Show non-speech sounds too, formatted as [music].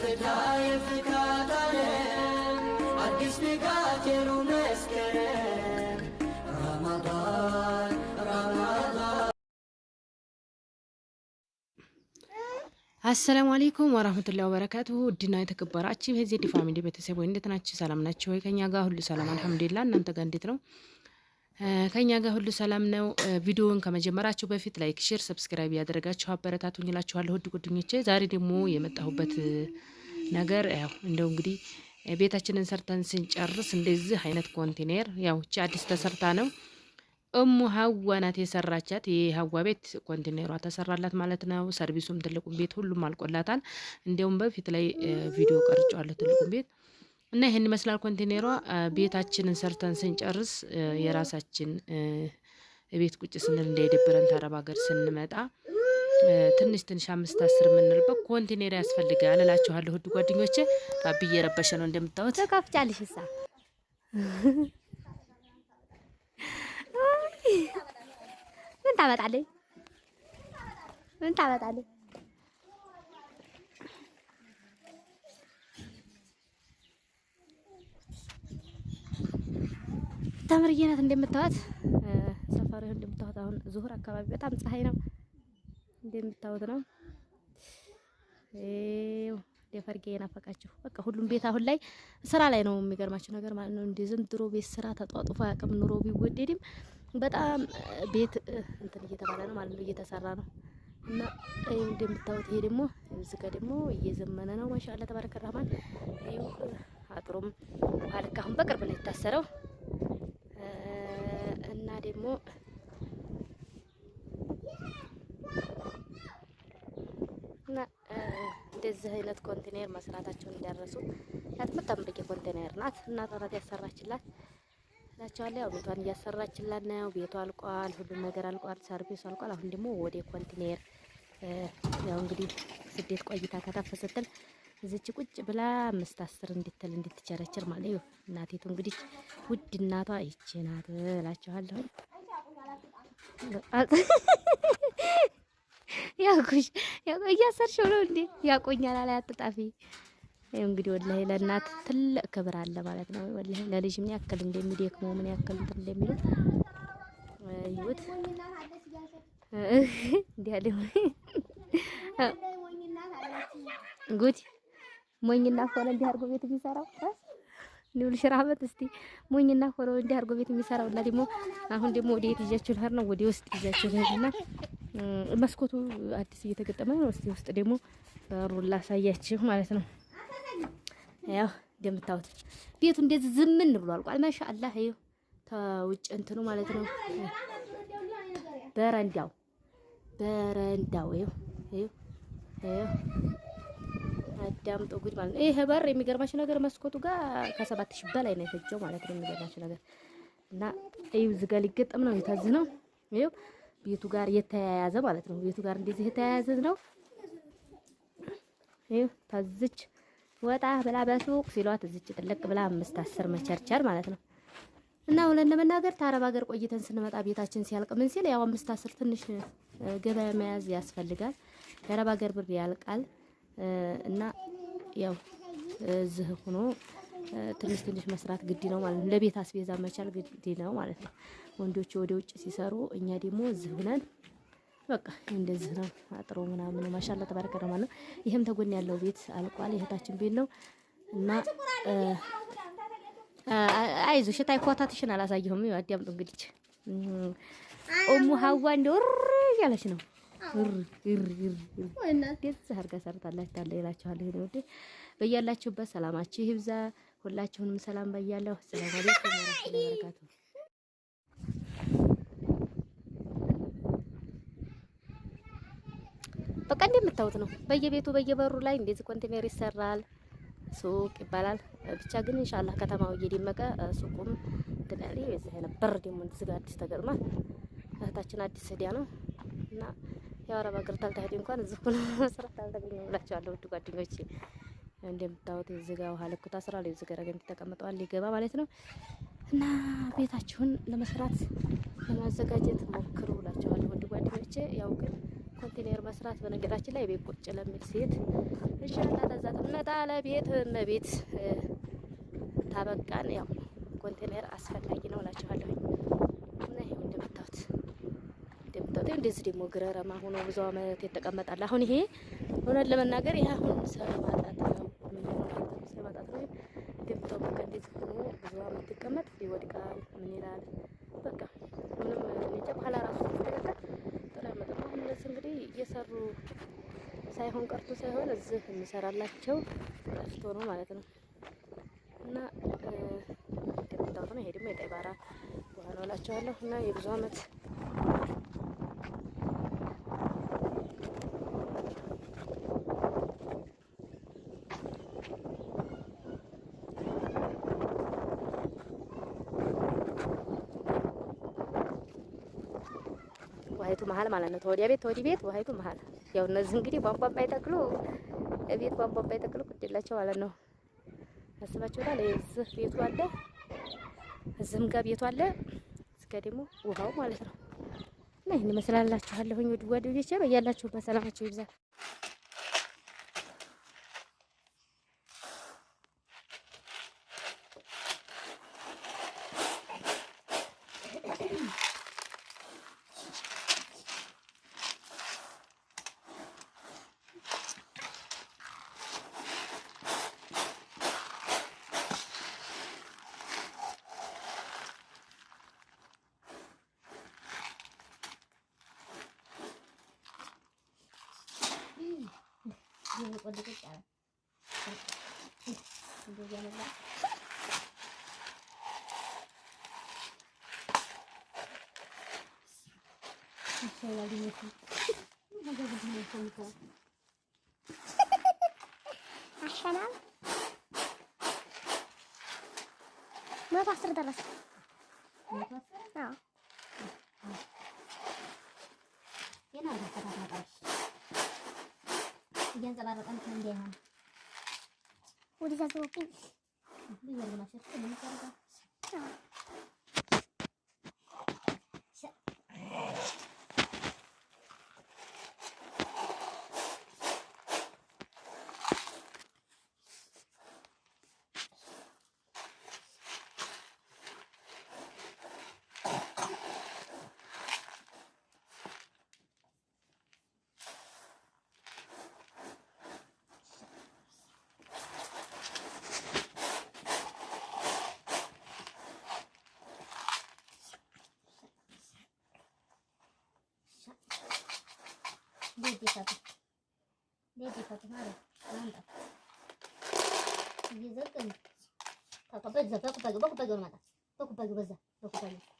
ከፍታ የፍካት ዓለም አዲስ ንጋት የሩህ መስከረም ረመዳን አሰላሙ አሌይኩም ወራህመቱላሂ ወበረካቱሁ። ውድና የተከበራችሁ የዜድ ፋሚሊ ቤተሰብ ወይ እንዴት ናችሁ? ሰላም ናችሁ ወይ? ከኛ ጋር ሁሉ ሰላም አልሐምዱሊላህ። እናንተ ጋር እንዴት ነው? ከኛ ጋር ሁሉ ሰላም ነው። ቪዲዮውን ከመጀመራችሁ በፊት ላይክ፣ ሼር፣ ሰብስክራይብ ያደረጋችሁ አበረታቱኝ እላችኋለሁ። ውድ ጓደኞቼ ዛሬ ደግሞ የመጣሁበት ነገር ያው እንደው እንግዲህ ቤታችንን ሰርተን ስንጨርስ እንደዚህ አይነት ኮንቴነር ያው እቺ አዲስ ተሰርታ ነው እሙ ሀዋ ናት የሰራቻት። የሀዋ ቤት ኮንቴነሯ ተሰራላት ማለት ነው። ሰርቪሱም ትልቁም ቤት ሁሉም አልቆላታል። እንዲሁም በፊት ላይ ቪዲዮ ቀርጫዋለሁ ትልቁም ቤት እና ይህን ይመስላል ኮንቴኔሯ። ቤታችንን ሰርተን ስንጨርስ የራሳችን ቤት ቁጭ ስንል እንዳይደብረን ታረብ ሀገር ስንመጣ ትንሽ ትንሽ አምስት አስር የምንልበት ኮንቴኔር ያስፈልጋል እላችኋለሁ። ውድ ጓደኞቼ ባቢ እየረበሸ ነው እንደምታወት ተቃፍጫልሽ እሳ ምን ታመጣለች ምን ታመጣለች የምታምር እየናት እንደምታዋት ሰፈሩ እንደምታዋት አሁን ዙሁር አካባቢ በጣም ፀሐይ ነው እንደምታወት ነው። እው ደፈርጌ የናፈቃችሁ በቃ ሁሉም ቤት አሁን ላይ ስራ ላይ ነው። የሚገርማችሁ ነገር ማለት ነው እንደ ዘንድሮ ቤት ስራ ተጧጡፎ አያውቅም። ኑሮ ቢወደድም በጣም ቤት እንትን እየተባለ ነው ማለት ነው እየተሰራ ነው። እና እንደምታዩት ይሄ ደግሞ እዚህ ጋር ደግሞ እየዘመነ ነው። ማሻአላ ተባረከ ረህማን። አጥሩም አልክ በቅርብ ነው የታሰረው። ደግሞ እና እንደዚህ አይነት ኮንቴነር መስራታቸውን ደረሱ። ያትመጣምበቂ ኮንቴነር ናት እናቷናት ያሰራችላት እላቸዋለሁ። ያው ቤቷን እያሰራችላት ነው። ቤቷ አልቋል፣ ሁሉም ነገር አልቋል፣ ሰርቪሱ አልቋል። አሁን ደግሞ ወደ ኮንቴነር ያው እንግዲህ ስደት ቆይታ ከተፍ ስትል እዚች ቁጭ ብላ አምስት አስር እንድትል እንድትቸረችር ማለት ነው። እናቴቱ እንግዲህ ውድ እናቷ ይቺ ናት እላችኋለሁ። [laughs] ያውቁሽ እያሰርሽው ነው እንዴ? ያቆኛል እንግዲህ ወላሂ ለእናት ትልቅ ክብር አለ ማለት ነው። ወላሂ ለልጅ ምን ያክል እንደሚደክመው ምን ያክል እንደሚሉ እንዲያለ ጉድ ሞኝና ሆነ እንዲህ አድርጎ ቤት የሚሰራው ሽራ አመት እስቲ ሞኝና ሆኖ እንዲ አድርጎ ቤት የሚሰራው እና ደግሞ አሁን ደግሞ ወደ የት ይዣችሁ ልሄድ ነው? ወደ ውስጥ ይዣችሁ እና መስኮቱ አዲስ እየተገጠመ ነው። እስቲ ውስጥ ደግሞ በሩን ላሳያችሁ ማለት ነው። ያው እንደምታዩት ቤቱ እንደዚህ ዝምን ብሎ አልቋል። ማሻአላህ ይኸው ተውጭ እንትኑ ማለት ነው። በረንዳው በረንዳው ይኸው ይኸው አዳምጦ ጉድ ማለት ነው። ይሄ በር የሚገርማችሁ ነገር መስኮቱ ጋር ከሰባት ሺህ በላይ ነው የፈጀው ማለት ነው። የሚገርማችሁ ነገር እና እዩ ዝጋ ጋር ሊገጠም ነው የታዝ ነው። ይኸው ቤቱ ጋር የተያያዘ ማለት ነው። ቤቱ ጋር እንደዚህ የተያያዘ ነው። ይኸው ታዝች ወጣ ብላ በሱቅ ሲሏት እዚች ጥልቅ ብላ አምስት አስር መቸርቸር ማለት ነው። እና እውነት ለመናገር ታረብ ሀገር ቆይተን ስንመጣ ቤታችን ሲያልቅ ምን ሲል ያው አምስት አስር ትንሽ ገበያ መያዝ ያስፈልጋል። የአረብ ሀገር ብር ያልቃል። እና ያው እዚህ ሆኖ ትንሽ ትንሽ መስራት ግድ ነው ማለት ነው። ለቤት አስቤዛ መቻል ግድ ነው ማለት ነው። ወንዶቹ ወደ ውጭ ሲሰሩ፣ እኛ ደግሞ እዚህ ሆነን በቃ እንደዚህ ነው። አጥሮ ምናምን ማሻላ ተባረከ ረማ ነው። ይሄም ተጎን ያለው ቤት አልቋል። የእህታችን ቤት ነው እና አይዞሽ እታይ ኮታትሽን አላሳየሁም። አዳምጡ እንግዲህ ኦሙ ሀዋ እንደውር እያለች ነው ደስ አድርጋ ሰርታላችኋል ይላችኋል። ይሄን ወዴ በያላችሁበት ሰላማችሁ ይብዛ። ሁላችሁንም ሰላም በያለሁ። ሰላም አለይኩም ወራህመቱላሂ ወበረካቱሁ። በቃ እንደምታዩት ነው። በየቤቱ በየበሩ ላይ እንደዚህ ኮንቴነር ይሰራል። ሱቅ ይባላል። ብቻ ግን ኢንሻአላህ ከተማው እየደመቀ ሱቁም ትናሊ በዚህ አይነት በር ደግሞ እንደዚህ አዲስ ተገጥሟል። እህታችን አዲስ ሂዳ ነው እና የአረብ ሀገር ታልታሄዱ እንኳን እዚህ ሆነ መስራት አልተገኘ ብላችኋለሁ። ውድ ጓደኞቼ እንደምታዩት እዚህ ጋር ውሃ ልኩታ ስራ ላይ እዚህ ጋር ገን ተቀምጠዋል ሊገባ ማለት ነው። እና ቤታችሁን ለመስራት ለማዘጋጀት ሞክሩ ብላችኋለሁ። ውድ ጓደኞቼ ያው ግን ኮንቴነር መስራት በነገራችን ላይ ቤት ቁጭ ለሚል ሴት እንሻላ ተዛጥነት አለ ቤት መቤት ታበቃን ያው ኮንቴነር አስፈላጊ ነው እላችኋለሁ እና ይሄው እንደምታዩት ቦታ እንደዚህ ደግሞ ግረረማ ሆኖ ብዙ አመት የተቀመጣል። አሁን ይሄ እውነት ለመናገር ይሄ አሁን ሰባጣት ነው ሰባጣት በቃ እንደዚህ ሆኖ ብዙ አመት ይቀመጥ ይወድቃል። ምን ይላል በቃ ምንም እንጃ። በኋላ ራሱ ሲስተካከል ጥሩ ያመጣል። አሁን እነዚህ እንግዲህ እየሰሩ ሳይሆን ቀርቶ ሳይሆን እዚህ የሚሰራላቸው ቀርቶ ነው ማለት ነው። እና እንደምታውቁ ነው ይሄ ደግሞ የቀይ ባራ እላቸዋለሁ እና የብዙ አመት ውሀይቱ መሀል ማለት ነው። ተወዲያ ቤት ተወዲ ቤት ውሀይቱ መሀል። ያው እነዚህ እንግዲህ ቧንቧ የማይጠቅሉ ቤት ቧንቧ የማይጠቅሉ ግዴላቸው ማለት ነው። አስባችሁታል? እዚህ ቤቱ አለ፣ እዚህም ጋር ቤቱ አለ፣ እስከ ደግሞ ውሀው ማለት ነው። እና ይህን ይመስላላችኋለሁኝ ውድ ጓደኞቼ፣ በያላችሁ በሰላማችሁ ይብዛል። di kecil saya mau pasir terus mau pasir? mau እያንጸባረቀ እንትን እንዳይሆን ወደዛ ዘወብኝ ብዬ ልማሸት ምን ይደረጋል? बेटीसाठी बेटीसाठी मारा म्हणतात झक थका बस जा थकू पाहिजे बघू पाहिजे माझा थकू पाहिजे बस